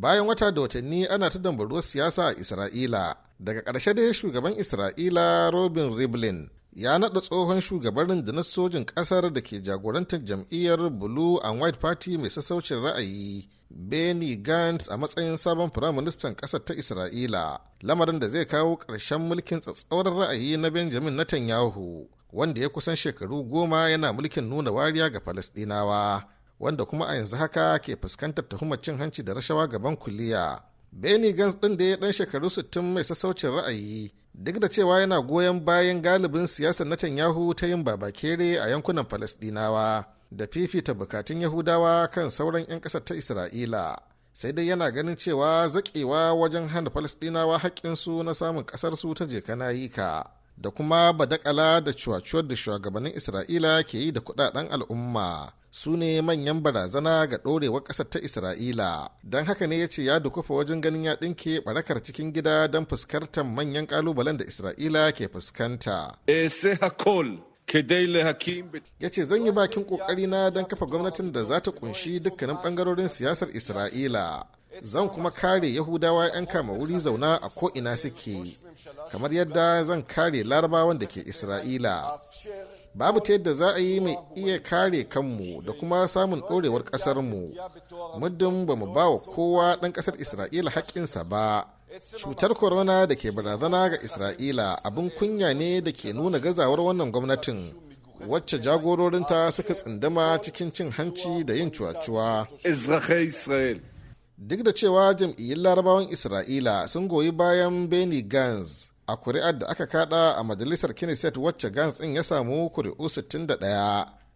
bayan wata da watanni ana ta dambaruwar siyasa a isra'ila daga ƙarshe dai shugaban isra'ila robin riblin ya naɗa tsohon shugaban na sojin ƙasar da ke jagorantar jam'iyyar blue and white party mai sassaucin ra'ayi benny gantz a matsayin sabon firaministan ƙasar ta isra'ila lamarin da zai kawo ƙarshen mulkin tsatsauran ra'ayi na benjamin natanyahu wanda ya kusan shekaru goma yana mulkin nuna wariya ga falasɗinawa wanda kuma a yanzu haka ke fuskantar tuhumar cin hanci da rashawa gaban kuliya beni gans ɗin da ya ɗan shekaru 60 mai sassaucin ra'ayi duk da cewa yana goyon bayan galibin siyasar Netanyahu ta yin babakere a yankunan Falasɗinawa da fifita bukatun Yahudawa kan sauran 'yan ƙasar ta Isra'ila. Sai dai yana ganin cewa zaƙewa wajen hana Falasɗinawa haƙƙinsu na samun ƙasarsu ta jeka ka. da kuma badakala da cuwacuwar da shugabannin isra'ila ke yi da kudaden al'umma su ne manyan barazana ga ɗorewar ƙasar ta isra'ila don haka ne ya ce ya dukufa wajen ganin ya ɗinke barakar cikin gida don fuskantar manyan ƙalubalen da isra'ila ke fuskanta ya ce zan yi bakin ƙoƙarina don kafa gwamnatin da za ta ƙunshi dukkanin ɓangarorin siyasar isra'ila zan kuma kare yahudawa 'yan kama wuri zauna a ko'ina suke kamar yadda zan kare larabawan da ke isra'ila babu ta yadda za a yi mai iya kare kanmu da kuma samun ɗorewar ƙasarmu muddin ba mu ba wa kowa ɗan ƙasar isra'ila haƙƙinsa ba cutar corona da ke barazana ga isra'ila abin kunya ne da ke nuna gazawar wannan gwamnatin wacce jagororinta suka tsindama cikin cin hanci da yin cuwa-cuwa duk da cewa jam'iyyun larabawan isra'ila sun goyi bayan benny gans a kuri'ar da aka kada a majalisar knesset wacce gans din ya samu kuri'u 61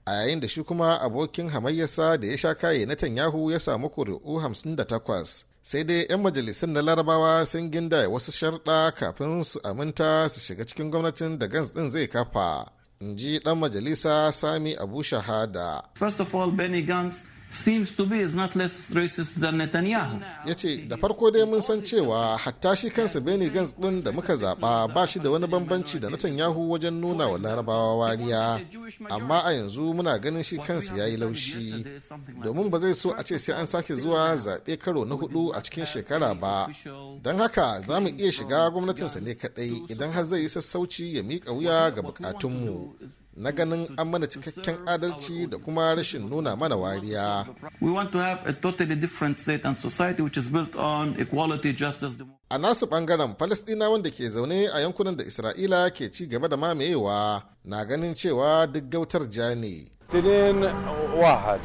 a yayin da shi kuma abokin hamayyarsa da ya sha kaye na tanyahu ya samu kuri'u 58 sai dai 'yan majalisun na larabawa sun ginda wasu sharɗa kafin su aminta su shiga cikin gwamnatin da gans din zai kafa in ji ɗan majalisa sami abu shahada first of all benny gans seems to be is not less racist than Netanyahu. Ya ce da farko dai mun san cewa hatta shi kansa Benny gans din da muka zaba ba shi da wani bambanci da Netanyahu wajen nuna wa larabawa wariya amma a yanzu muna ganin shi kansa ya yi laushi domin ba zai so a ce sai an sake zuwa zaɓe karo na hudu a cikin shekara ba don haka za mu iya shiga gwamnatinsa ne kadai idan har zai yi sassauci ya miƙa wuya ga buƙatunmu na ganin an mana cikakken adalci da kuma rashin nuna mana wariya. We want to have a totally different state and society which is built on equality, justice, A nasu bangaren Falasɗinawan wanda ke zaune a yankunan da Isra'ila ke ci gaba da mamayewa na ganin cewa duk gautar ja ne. Tinin wahad.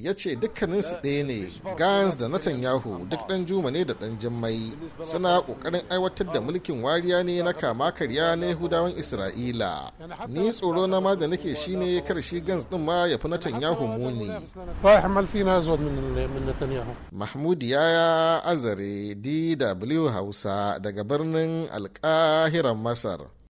ya ce dukkaninsu ɗaya ne gans da netanyahu duk ɗan juma ne da ɗan jimmai suna ƙoƙarin aiwatar da mulkin wariya ne na kama karya na yahudawan isra'ila ni tsoro na ma da nake shine kar shi gans ɗin ma ya fi netanyahu muni mahmud yaya azare dw hausa daga birnin alkahiran masar